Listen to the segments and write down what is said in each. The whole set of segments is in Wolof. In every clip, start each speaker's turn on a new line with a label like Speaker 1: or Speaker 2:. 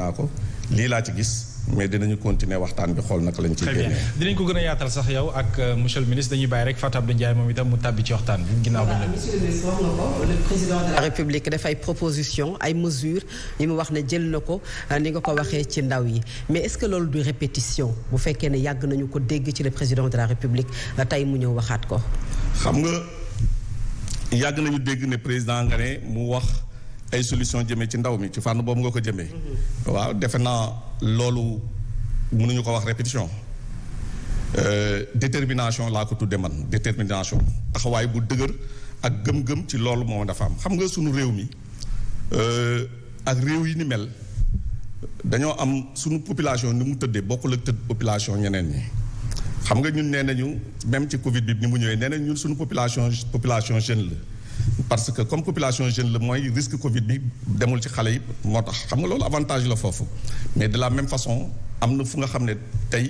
Speaker 1: naa ko lii laa ci gis mais dinañu continuer waxtaan bi xool naka lañ ciy génnee dinañ ko gën a yaatal sax yow ak euh, monsieur ministre dañuy bàyyi rek Fatou Abdou Ndiaye moom itam mu tàbbi ci waxtaan bi ginnaaw na
Speaker 2: ko la proposition ay mesures yi mu wax ne jël na ko euh, ni nga ko waxee ci ndaw yi mais est-ce que loolu du répétition bu fekkee ne yàgg nañu ko dégg ci le président de la république euh, tey mu ñëw waxaat ko
Speaker 1: xam nga yàgg nañu dégg ne président nga ne mu wax ay solution jëmee ci ndaw mi ci fànn boobu nga ko jëmee. Mm-hmm. waaw defe naa loolu nañu ko wax répétition. Euh, détermination laa ko tuddee man détermination taxawaay bu dëgër ak gëm-gëm ci loolu moom dafa am xam nga sunu réew mi euh, ak réew yi ni mel dañoo am sunu population ni mu tëddee bokk ak tëdd population ñeneen ñi. xam nga ñun nee nañu même ci Covid bi ni mu ñëwee nee nañ ñun sunu population population jeune la. parce que comme population jeune la mooy risque Covid bi demul ci xale yi moo tax xam nga loolu avantage la foofu mais de la même façon am na fu nga xam ne tey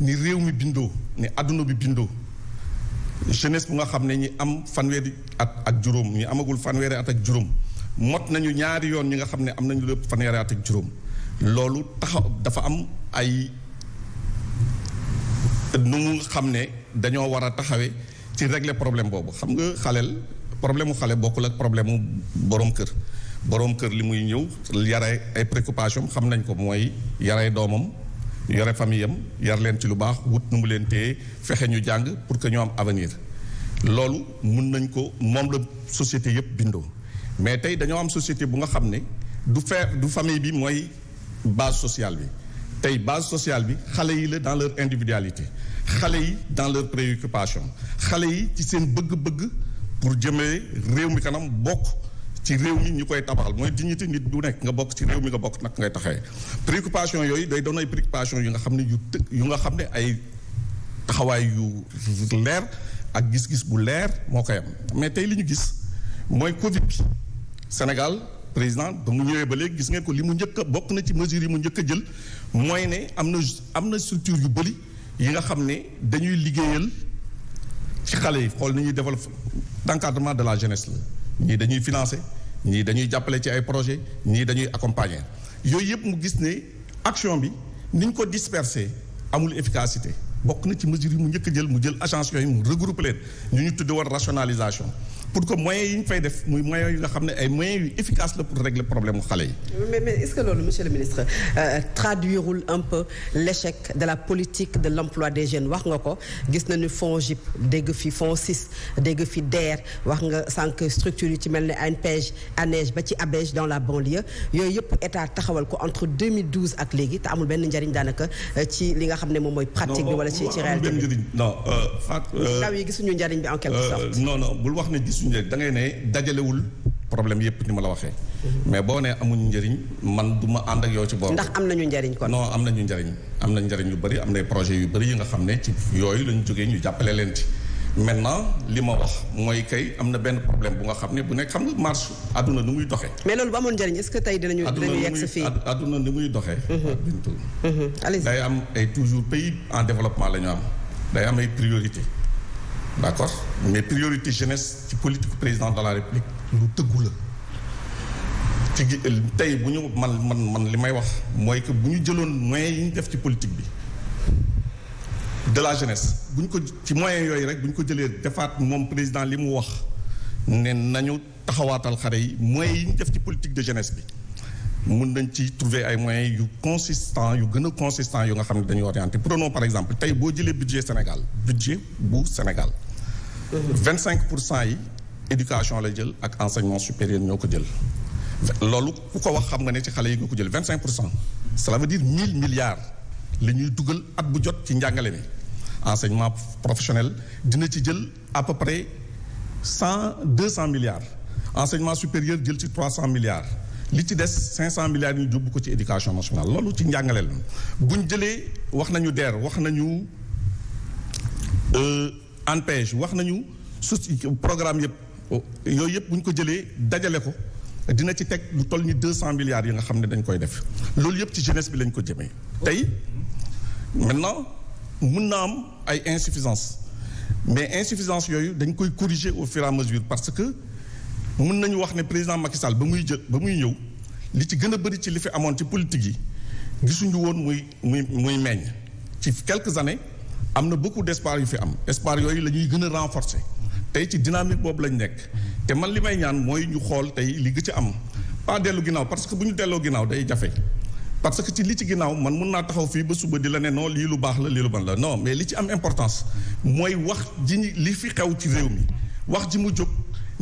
Speaker 1: ni réew mi bindoo ni àdduna bi bindoo jeunesse bu nga xam ne ñi am fanweeri at ak juróom ñi amagul fanweeri at ak juróom mot nañu ñaari yoon ñi nga xam ne am nañu lépp fanweeri at ak juróom loolu taxaw dafa am ay nu mu xam ne dañoo war a taxawee ci régler problème boobu xam nga xaleel problème mu xale bokkul ak problème mu boroom kër boroom kër li muy ñëw yare ay préoccupation xam nañ ko mooy yare doomam yore famille am yar leen ci lu baax wut nu mu leen téye fexe ñu jàng pour que ñoo am avenir loolu mun nañ ko moom la société yëpp bindoo mais tey dañoo am société bu nga xam ne du fee du famille bi mooy base social bi tey base sociale bi xale yi la dans leur individualité xale yi dans leur préoccupation xale yi ci seen bëgg-bëgg pour jëmee réew mi kanam bokk ci réew mi ñu koy tabaxal mooy di dignité nit du nekk nga bokk ci réew mi nga bokk nag ngay taxee préoccupation yooyu day doon ay préoccupation yu nga xam ne yu tëg yu nga xam ne ay taxawaay yu leer ak gis-gis bu leer moo koy am mais tey li ñu gis mooy Covid bi Sénégal président ba ñëwee ba léegi gis ngeen ko li mu njëkk a bokk na ci mesures yi mu njëkk a jël mooy ne am na am na structure yu bëri yi nga xam ne dañuy liggéeyal ci xale yi xool ni ñuy développé d'encadrement de la jeunesse la ñii dañuy financé ñii dañuy jàppale ci ay projet ñii dañuy accompagner yooyu yëpp mu gis ni action bi ni ñu ko disperser amul efficacité bokk na ci mesure yi mu njëkk jël mu jël agence yooyu mu regrouper leen ñu ñu tudde woon rationalisation pour que moyens yi ñu fay def muy moyens yi nga xam ne ay moyens yu efficace la pour régler problème mu xale yi.
Speaker 2: mais mais est que loolu monsieur le ministre euh, traduirul un peu l'échec de la politique de l'emploi des jeunes wax nga ko gis nañu fonds JIP dégg fi fonds six dégg fi DER wax nga sànq structure yu ci mel ni ne ANPEJ ANEJ ba ci ABEJ dans la banlieue yooyu yëpp état taxawal ko entre 2012 ak léegi te amul benn njariñ daanaka euh, ci li nga xam ne moom mooy pratique bi wala ci ci réalité
Speaker 1: bi non euh, non
Speaker 2: njariñ bi en quelque sorte.
Speaker 1: wax ne gis mosuñu njëriñ da ne dajalewul problème yëpp ni ma la waxee. mais boo nee amuñ njëriñ man du ma ànd ak yow ci boor. ndax
Speaker 2: am nañu njëriñ kon. non
Speaker 1: am nañu njëriñ am nañu njëriñ yu bari am nay projet yu bëri yi nga xam ne ci yooyu lañu jógee ñu jàppale leen ci. maintenant li ma wax mooy kay am na benn problème bu nga xam ne bu nekk xam nga marche àdduna nu muy doxee.
Speaker 2: mais loolu bu amoon njëriñ est que tey dinañu dinañu yegg si fii
Speaker 1: àdduna ni muy doxee. Mhm. bintu mhm. day am ay toujours pays en développement la ñu am day am ay priorité d' accord mais priorité jeunesse ci politique président de la république lu tëggu la ci tey bu ñu man man man li may wax mooy que bu ñu jëloon moyens yi ñu def ci politique bi de la jeunesse bu ñu ko ci moyens yooyu rek bu ñu ko jëlee defaat moom président li mu wax ne nañu taxawaatal xare yi moyens yi ñu def ci politique de jeunesse bi mën nañ ci trouver ay moyens yu consistant yu gën a consistant yu nga xam ne dañuy orienté prenons par exemple tey boo jëlee budget Sénégal budget bu Sénégal vingt cinq pour cent yi éducation la jël ak enseignement supérieur ñoo ko jël loolu ku ko wax xam nga ne ci xale yi nga ko jël vingt cinq pour cent cela veut dire mille milliards li ñuy dugal at bu jot ci njàngale mi enseignement professionnel dina ci jël à peu près cent deux cent milliards enseignement supérieur jël ci trois cent milliards li ci des 500 milliards yi ñu jubbu ko ci éducation nationale loolu ci njàngaleel buñ jëlee wax nañu DER wax nañu euh, ANPEJ wax nañu su programme yëpp yooyu yëpp buñ ko jëlee dajale ko dina ci teg lu toll ni 200 milliards yi nga xam ne dañ koy def loolu yëpp ci jeunesse bi lañ ko jëmee tey maintenant mun na am ay insuffisance mais insuffisance yooyu dañ koy corriger au fur et mesure parce que mën nañu wax ne président Macky Sall muy jël ba muy ñëw li ci gën a bëri ci li fi amoon ci politique yi gisuñu woon muy muy muy meññ ci quelques années am na beaucoup d' yu fi am espoir yooyu la ñuy gën a renforcer tey ci dynamique boobu lañ nekk te man li may ñaan mooy ñu xool tey li gë ci am pas dellu ginnaaw parce que bu ñu delloo ginnaaw day jafe parce que ci li ci ginnaaw man mun naa taxaw fii ba suba di la ne non lii lu baax la lii lu ban la no mais li ci am importance mooy wax ji li fi xew ci réew mi wax ji mu jóg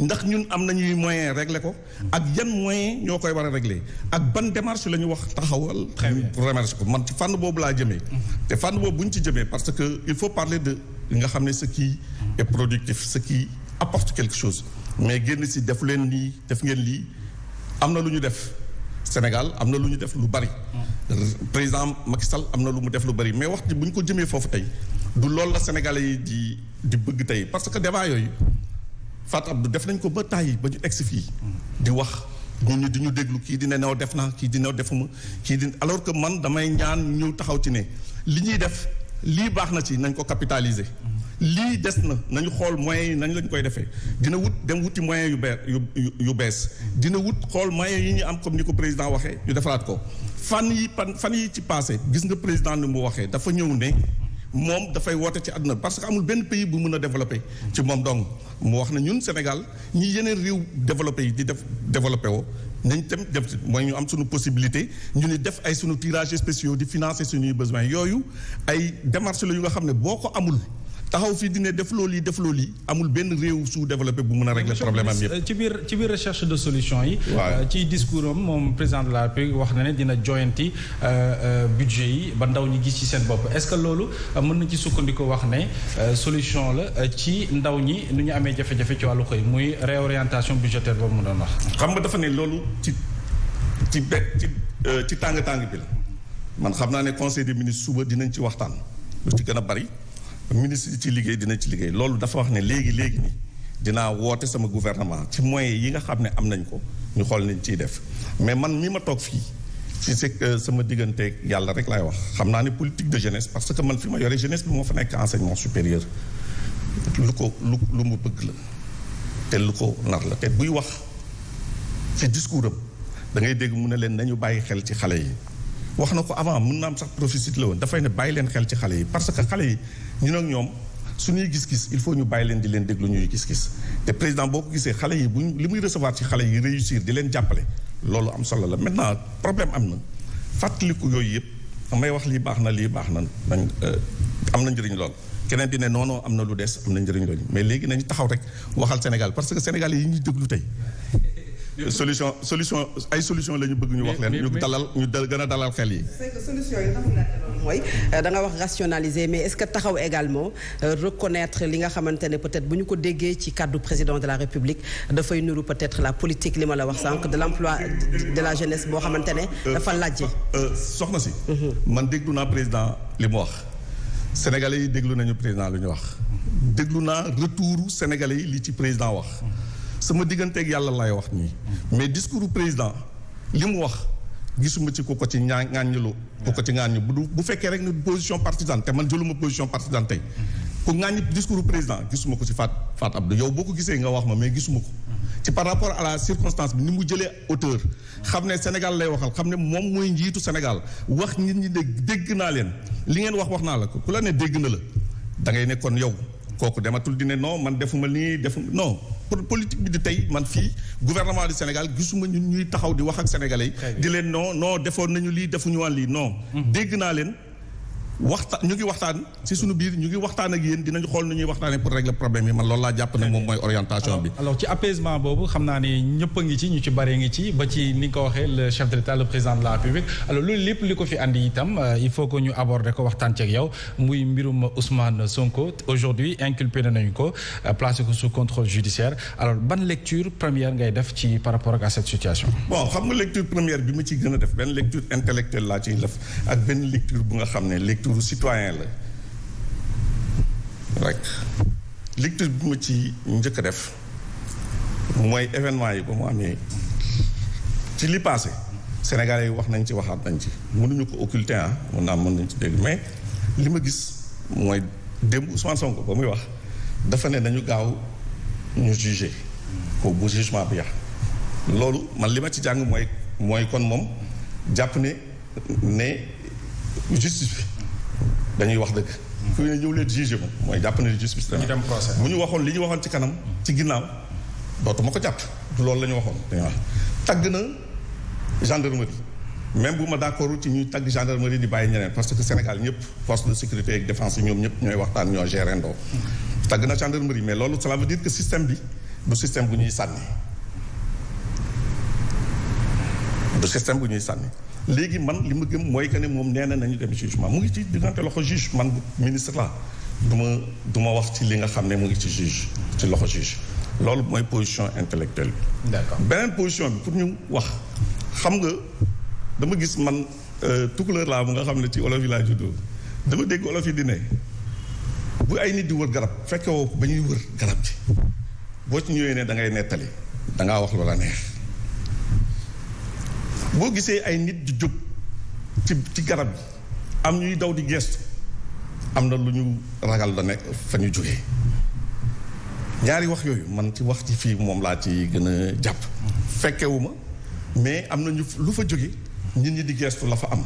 Speaker 1: ndax ñun am na ñuy moyen régler ko ak yan moyen ñoo koy war a régler ak ban démarche la ñu wax taxawal démarche ko man ci fànn boobu laa jëmee mm-hmm. te fànn boobu bu ñu ci jëmee parce que il faut parler de li nga xam ne ce kii et productif sa qui apporte quelque chose mais génn si defu leen lii def ngeen lii am na lu ñu def Sénégal am na lu ñu def lu bari mm-hmm. président Macky Sall am na lu mu def lu bari mais wax ji bu ñu ko jëmee foofu tey du loolu la Sénégalais yi di di bëgg tey parce que débat yooyu Fat du def nañ ko ba tàyyi ba ñu egsi fii di wax ñun di ñu déglu kii dina new def na kii dina defuma kii di alors que man damay ñaan ñëw taxaw ci ne li ñuy def lii baax na ci nañ ko capitaliser lii des na nañu xool moyens yi nañ lañ koy defee dina wut dem wuti moyens yu bees yu yu bees dina wut xool moyens yi ñu am comme ni ko président waxee ñu defaraat ko fan yi pan fan yi ci passé gis nga président ni mu waxee dafa ñëw ne moom dafay woote ci àdduna parce que amul benn pays bu mun a développé ci moom donc mu wax na ñun Sénégal ñi yeneen réew développé yi di def développé woo nañ tam def mooy ñu am suñu possibilité ñu ni def ay suñu tirage spéciaux di financer suñuy besoins yooyu ay démarches la yu nga xam ne boo ko amul taxaw fii dina def lii yi def loolu amul benn réew suuf développé bu mën a régler problème am yëpp euh, ci biir ci biir recherche de solution yi waa euh, ci discours am moom président la République wax na ne dina joyanti euh, budget yi ba ndaw ñi gis ci seen bopp est-ce que loolu mën na ci sukkandiku wax ne solution la ci ndaw ñi nu ñu amee jafe-jafe ci wàllu koy muy réorientation budgétaire boobu mu doon wax xam nga dafa ne loolu ci ci be ci ci tàng-tàng bi la man xam naa ne conseil des ministres suba dinañ ci waxtaan lu ci gën a bari ministre yi ci liggéey dina ci liggéey loolu dafa wax ne léegi léegi nii dinaa woote sama gouvernement ci moyens yi nga xam ne am nañ ko ñu xool nañ ciy def mais man mi ma toog fii si c'est euh, sama digganteeg yàlla rek laay wax xam naa ne politique de jeunesse parce que man fi ma yore jeunesse bi moo fa nekk enseignement supérieur lu ko lu lu mu bëgg la te lu ko nar la te buy wax ci discours am da ngay dégg mu ne leen nañu bàyyi xel ci xale yi wax na ko avant mën na am sax prophétie la woon dafay ne bàyyi leen xel ci xale yi parce que xale yi ñu ak ñoom suñuy gis-gis il faut ñu bàyyi leen di leen déglu ñuy gis-gis te président boo ko gisee xale yi buñ li muy recevoir ci xale yi réussir di leen jàppale loolu am solo la maintenant problème am na fàttaliku yooyu yëpp may wax lii baax na lii baax na nañ euh, am na njëriñ lool keneen di ne noonoo am na lu des am na njëriñ lool mais léegi nañu taxaw rek waxal Sénégal parce que Sénégal yi ñuy déglu tey Euh, solution solution ay solution la ñu bëgg ñu wax leen ñu dalal ñu dal gën a dalal
Speaker 2: xel yi. c'est euh, wax rationaliser mais est-ce que taxaw également euh, reconnaître li nga xamante ne peut-être bu ñu ko déggee ci kàddu président de la République dafay nuru peut-être la politique li ma la wax sànq de l'emploi de la jeunesse boo xamante ne dafa laajte. soxna si. Mhm. man déglu naa président li mu wax. Sénégalais yi déglu nañu président lu
Speaker 1: ñu wax. déglu naa retouru Sénégalais yi li ci sama digganteeg yàlla laay wax nii mais discours président li mu wax gisuma ci ko ko ci ñaa ŋàññilu ku ko ci ŋàññi bu bu fekkee rek ne position partisane te man jëluma position partisane tey ku ŋàññi discours président gisuma ko ci Fat Fat Abdou yow boo ko gisee nga wax ma mais gisuma ko ci par rapport à la circonstance bi ni mu jëlee auteur xam ne Sénégal lay waxal xam ne moom mooy njiitu Sénégal wax nit ñi ne dégg naa leen li ngeen wax wax naa la ko ku dégg na la da ngay yow kooku dematul di ne non man defuma nii defu non politique bi di tey man fii gouvernement du Sénégal gisuma ñun ñuy taxaw di wax ak sénégalais di leen noo non defoon nañu lii defuñu waan lii non mm-hmm. dégg naa leen waxta ñu ngi waxtaan si suñu biir ñu ngi waxtaan ak yéen dinañu xool nu ñuy waxtaanee pour régler problème yi man loolu laa jàpp ne moom mooy orientation bi. alors ci apaisement boobu xam naa ne ñëpp a ngi ci ñu ci bare ngi ci ba ci ni nga ko waxee le chef de l'État le président de la République alors loolu lépp li ko fi andi itam euh, il faut que ñu aborder ko waxtaan ci ak yow muy mbirum ko euh, placé ko sous contrôle judiciaire alors ban lecture première ngay def ci par rapport ak à cette situation. bon xam nga lecture première bi ma ciy gën a def benn lecture intellectuelle laa ciy def ak benn lecture bu nga xam ne lecture citoyen la rek lecture bu ma ci njëkk a def mooy événement yi ba mu amee ci li passé Sénégalais yi wax nañ ci waxaat nañ ci mënuñu ko occulter ah mun naa mën nañ ci dégg mais li ma gis mooy démb Ousmane Sonko ba muy wax dafa ne nañu gaaw ñu jugé ko bu jugement bi yax loolu man li ma ci jàng mooy mooy kon moom jàpp ne ne justice dañuy wax dëgg. fu ñu ñëw leen jugé mooy jàpp na justice dana. ñu dem ñu waxoon li ñu waxoon ci kanam. ci ginnaaw dootuma ko jàpp du loolu la ñu waxoon dañuy wax tagg na gendarmerie. même bu ma d'accord ci ñuy tagg gendarmerie di bàyyi ñeneen parce que Sénégal ñëpp force de sécurité ak défense yi ñoom ñëpp ñooy waxtaan ñoo gérendoo mm-hmm. tagg na gendarmerie mais loolu cela veut dire que système bi du système bu ñuy sànni du système bu ñuy sànni léegi man li ma gëm mooy que ne moom nee na nañu dem jugement mu ngi ci diggante loxo juge man ministre la du ma du ma wax ci li nga xam ne mu ngi ci juge ci loxo juge loolu mooy position intellectuelle bi beneen position bi pour ñu wax xam nga dama gis man euh, tukulóor laa bu nga xam ne ci olof yi laa dama dégg olof yi di ne bu ay nit di wër garab fekke woo ba ñuy wër garab ji boo ci ñëwee ne da ngay nettali da wax loola neex boo gisee ay nit di jóg ci ci garab bi am ñuy daw di gestu am na lu ñu ragal la nekk fa ñu jóge ñaari wax yooyu man ci wax ci fii moom laa ci gën a jàpp fekkewuma mais am na ñu lu fa jóge nit ñi di gestu la fa am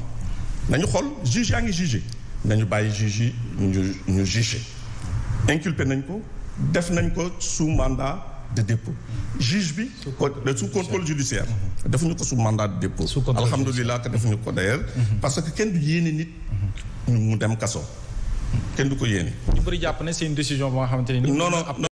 Speaker 1: nañu xool juge yaa ngi juge nañu bàyyi juge yi ñu ñu juge inculpé nañ ko def nañ ko sous mandat de dépôt juge bi sous contrôle judiciaire mhm. defuñu ko sous mandat de dépôt alhamdulilah que defuñu ko d'ailleurs mhm. Mhm. parce que kenn du yéene nit mu dem kaso kenn du ko yéene ñu bëri jàpp ne c'est une décision boo xamante ne non non